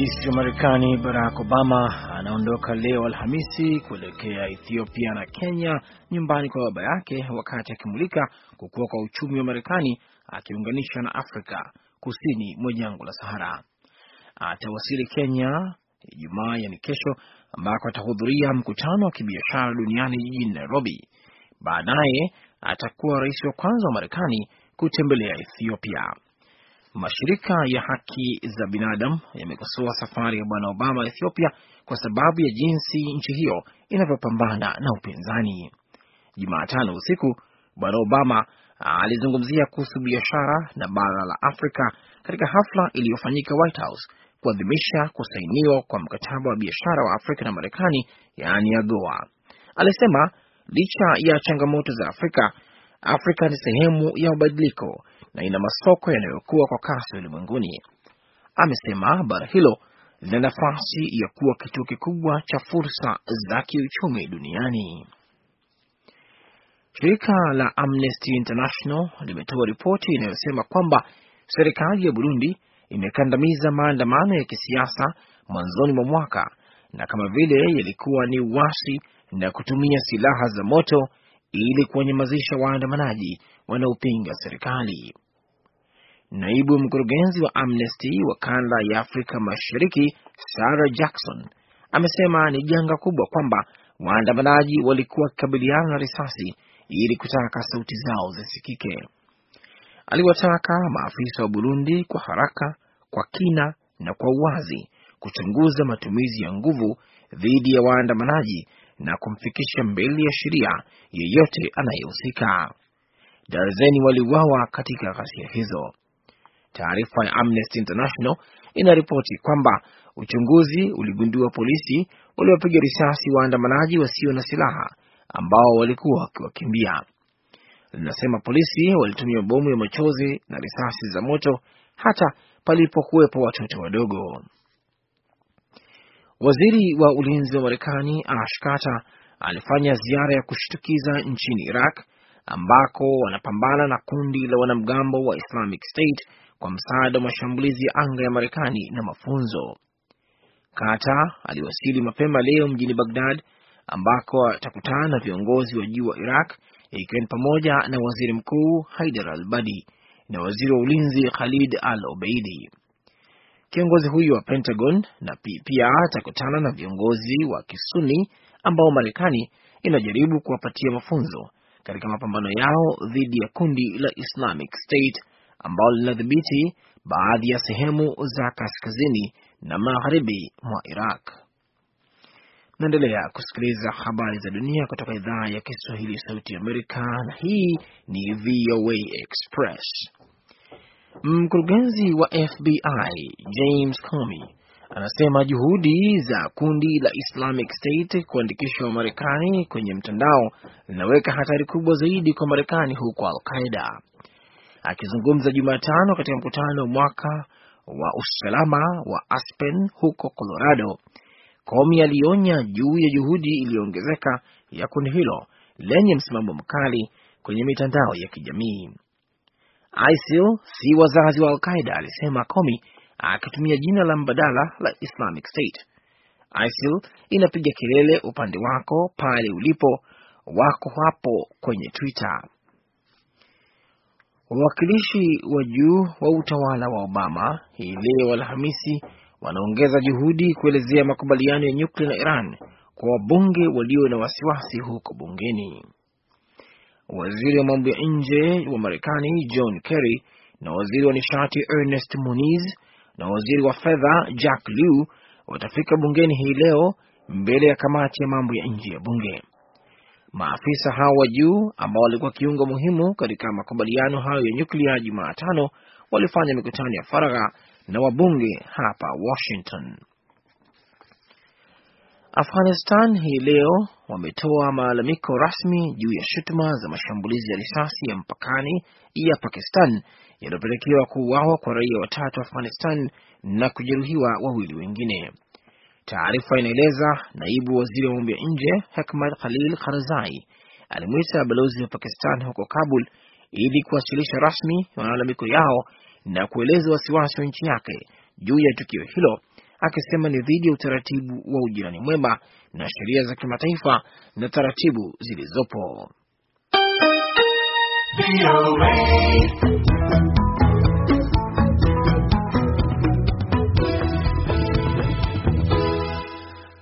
Rais wa Marekani Barack Obama anaondoka leo Alhamisi kuelekea Ethiopia na Kenya, nyumbani kwa baba yake, wakati akimulika kukua kwa uchumi wa Marekani akiunganisha na Afrika kusini mwa jangwa la Sahara. Atawasili Kenya Ijumaa, yani kesho, ambako atahudhuria mkutano wa kibiashara duniani jijini Nairobi. Baadaye atakuwa rais wa kwanza wa Marekani kutembelea Ethiopia. Mashirika ya haki za binadamu yamekosoa safari ya bwana Obama Ethiopia kwa sababu ya jinsi nchi hiyo inavyopambana na upinzani. Jumatano usiku bwana Obama alizungumzia kuhusu biashara na bara la Afrika katika hafla iliyofanyika White House kuadhimisha kusainiwa kwa mkataba wa biashara wa Afrika na Marekani, yaani AGOA. Alisema licha ya changamoto za Afrika Afrika ni sehemu ya mabadiliko na ina masoko yanayokuwa kwa kasi ulimwenguni. Amesema bara hilo lina nafasi ya kuwa kituo kikubwa cha fursa za kiuchumi duniani. Shirika la Amnesty International limetoa ripoti inayosema kwamba serikali ya Burundi imekandamiza maandamano ya kisiasa mwanzoni mwa mwaka na kama vile yalikuwa ni uasi na kutumia silaha za moto ili kuwanyamazisha waandamanaji wanaopinga serikali. Naibu mkurugenzi wa Amnesty wa kanda ya Afrika Mashariki Sarah Jackson amesema ni janga kubwa kwamba waandamanaji walikuwa wakikabiliana na risasi ili kutaka sauti zao zisikike. Aliwataka maafisa wa Burundi kwa haraka, kwa kina na kwa uwazi kuchunguza matumizi ya nguvu dhidi ya waandamanaji na kumfikisha mbele ya sheria yeyote anayehusika. Darzeni waliuawa katika ghasia hizo. Taarifa ya Amnesty International inaripoti kwamba uchunguzi uligundua polisi waliwapiga risasi waandamanaji wasio na silaha ambao walikuwa wakiwakimbia. Linasema polisi walitumia bomu ya machozi na risasi za moto hata palipokuwepo watoto wadogo. Waziri wa ulinzi wa Marekani Ash Carter alifanya ziara ya kushtukiza nchini Iraq ambako wanapambana na kundi la wanamgambo wa Islamic State kwa msaada wa mashambulizi ya anga ya Marekani na mafunzo. Carter aliwasili mapema leo mjini Bagdad ambako atakutana na viongozi wa juu wa Iraq ikiwa ni pamoja na waziri mkuu Haidar al-Badi na waziri wa ulinzi Khalid al-Obeidi. Kiongozi huyo wa Pentagon na pia atakutana na viongozi wa Kisuni ambao Marekani inajaribu kuwapatia mafunzo katika mapambano yao dhidi ya kundi la Islamic State ambalo linadhibiti baadhi ya sehemu za kaskazini na magharibi mwa Iraq. Naendelea kusikiliza habari za dunia kutoka idhaa ya Kiswahili ya Sauti Amerika, na hii ni VOA Express. Mkurugenzi wa FBI James Comey anasema juhudi za kundi la Islamic State kuandikisha Marekani kwenye mtandao linaweka hatari kubwa zaidi kwa Marekani huko Al-Qaeda. Akizungumza Jumatano katika mkutano wa mwaka wa usalama wa Aspen huko Colorado, Comey alionya juu ya juhudi iliyoongezeka ya kundi hilo lenye msimamo mkali kwenye mitandao ya kijamii. ISIL si wazazi wa al qaeda alisema Komi akitumia jina la mbadala la Islamic State. ISIL inapiga kelele upande wako pale ulipo, wako hapo kwenye Twitter. Wawakilishi wa juu wa utawala wa Obama hii leo Alhamisi wanaongeza juhudi kuelezea makubaliano ya nyuklia na Iran kwa wabunge walio na wasiwasi huko bungeni waziri wa mambo ya nje wa Marekani John Kerry na waziri wa nishati Ernest Moniz na waziri wa fedha Jack Lew watafika bungeni hii leo mbele ya kamati ya mambo ya nje ya bunge. Maafisa hao wa juu ambao walikuwa kiungo muhimu katika makubaliano hayo ya nyuklia Jumatano walifanya mikutano ya faragha na wabunge hapa Washington. Afghanistan hii leo wametoa malalamiko rasmi juu ya shutuma za mashambulizi ya risasi ya mpakani ya Pakistan yaliyopelekewa kuuawa kwa raia watatu wa Afghanistan na kujeruhiwa wawili wengine. Taarifa inaeleza naibu waziri wa mambo ya nje Hekmat Khalil Karzai alimwita balozi wa Pakistan huko Kabul ili kuwasilisha rasmi malalamiko yao na kueleza wasiwasi wa nchi yake juu ya tukio hilo akisema ni dhidi ya utaratibu wa ujirani mwema na sheria za kimataifa na taratibu zilizopo.